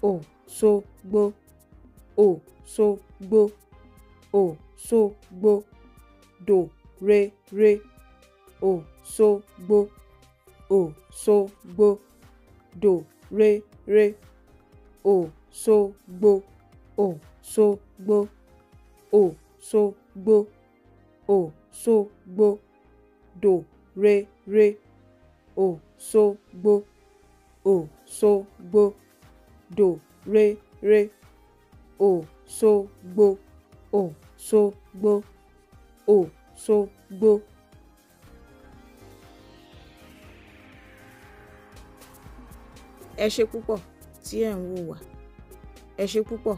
O O O O O O do do re re, re re, òṣogbo òṣogbo òṣogbo dòrere òṣogbo O dòrere òṣogbo òṣogbo òṣogbo òṣogbo dòrere òṣogbo òṣogbo. Do re re o so gbo o so gbo o so gbo. ẹ ṣé púpọ̀ tí ẹ̀ ń wò wá ẹ ṣé púpọ̀